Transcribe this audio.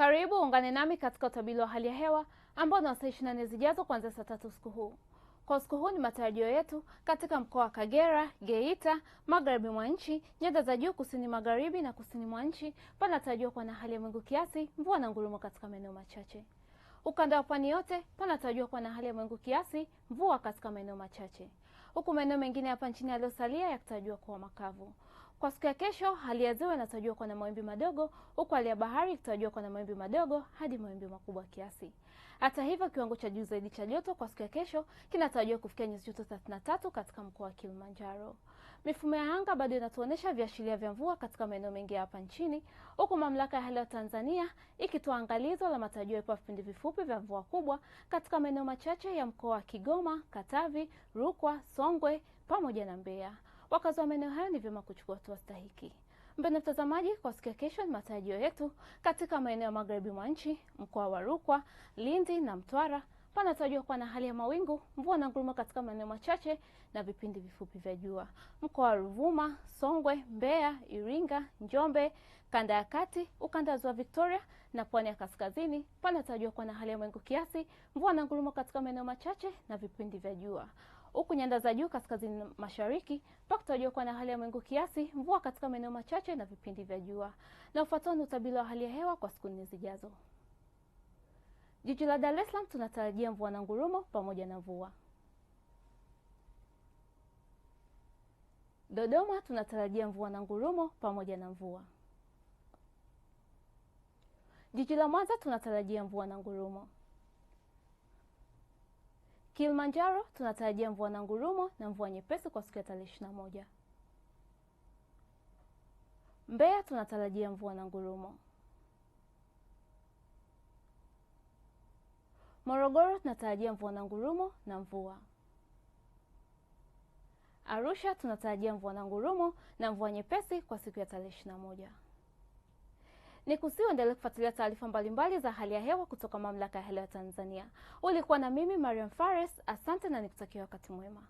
Karibu ungane nami katika utabiri wa hali ya hewa ambao ni wa saa 24 zijazo kuanzia saa tatu usiku huu. Kwa usiku huu ni matarajio yetu katika mkoa wa Kagera, Geita, magharibi mwa nchi, nyanda za juu kusini magharibi na kusini mwa nchi, panatarajiwa kuwa na hali ya mawingu kiasi, mvua na ngurumo katika maeneo machache. Ukanda wa pwani yote panatarajiwa kuwa na hali ya mawingu kiasi, mvua katika maeneo machache, huku maeneo mengine hapa nchini yaliyosalia yakitarajiwa kuwa makavu. Kwa siku ya kesho hali ya ziwa inatarajiwa kuwa na mawimbi madogo huku hali ya bahari ikitarajiwa kuwa na mawimbi madogo hadi mawimbi makubwa kiasi. Hata hivyo, kiwango cha juu zaidi cha joto kwa siku ya kesho kinatarajiwa kufikia nyuzi joto 33 katika mkoa wa Kilimanjaro. Mifumo ya anga bado inatuonesha viashiria vya mvua katika maeneo mengi hapa nchini, huku mamlaka ya hali ya Tanzania ikitoa angalizo la matarajio ya vipindi vifupi vya mvua kubwa katika maeneo machache ya mkoa wa Kigoma, Katavi, Rukwa, Songwe pamoja na Mbeya. Wakazi wa maeneo hayo ni vyema kuchukua hatua stahiki. Mpendwa mtazamaji, kwa siku ya kesho ni matarajio yetu katika maeneo ya magharibi mwa nchi, mkoa wa Rukwa, Lindi na Mtwara panatarajiwa kuwa na hali ya mawingu, mvua na ngurumo katika maeneo machache na vipindi vifupi vya jua. Mkoa wa Ruvuma, Songwe, Mbeya, Iringa, Njombe, kanda ya kati, ukanda wa ziwa Victoria na pwani ya kaskazini panatarajiwa kuwa na hali ya mawingu kiasi, mvua na ngurumo katika maeneo machache na vipindi vya jua huku nyanda za juu kaskazini mashariki mpaka tutajua kuwa na hali ya mawingu kiasi, mvua katika maeneo machache na vipindi vya jua. Na ufuatao ni utabiri wa hali ya hewa kwa siku nne zijazo. Jiji la Dar es Salaam tunatarajia mvua na ngurumo pamoja na mvua. Dodoma tunatarajia mvua na ngurumo pamoja na mvua. Jiji la Mwanza tunatarajia mvua na ngurumo. Kilimanjaro tunatarajia mvua na ngurumo na mvua nyepesi kwa siku ya tarehe moja Mbeya tunatarajia mvua na ngurumo. Morogoro tunatarajia mvua na ngurumo na mvua. Arusha tunatarajia mvua na ngurumo na mvua nyepesi kwa siku ya tarehe moja ni uendelee kufuatilia taarifa mbalimbali za hali ya hewa kutoka Mamlaka ya ya Tanzania. Ulikuwa na mimi Mariam Fares, asante na nikutakia wakati mwema.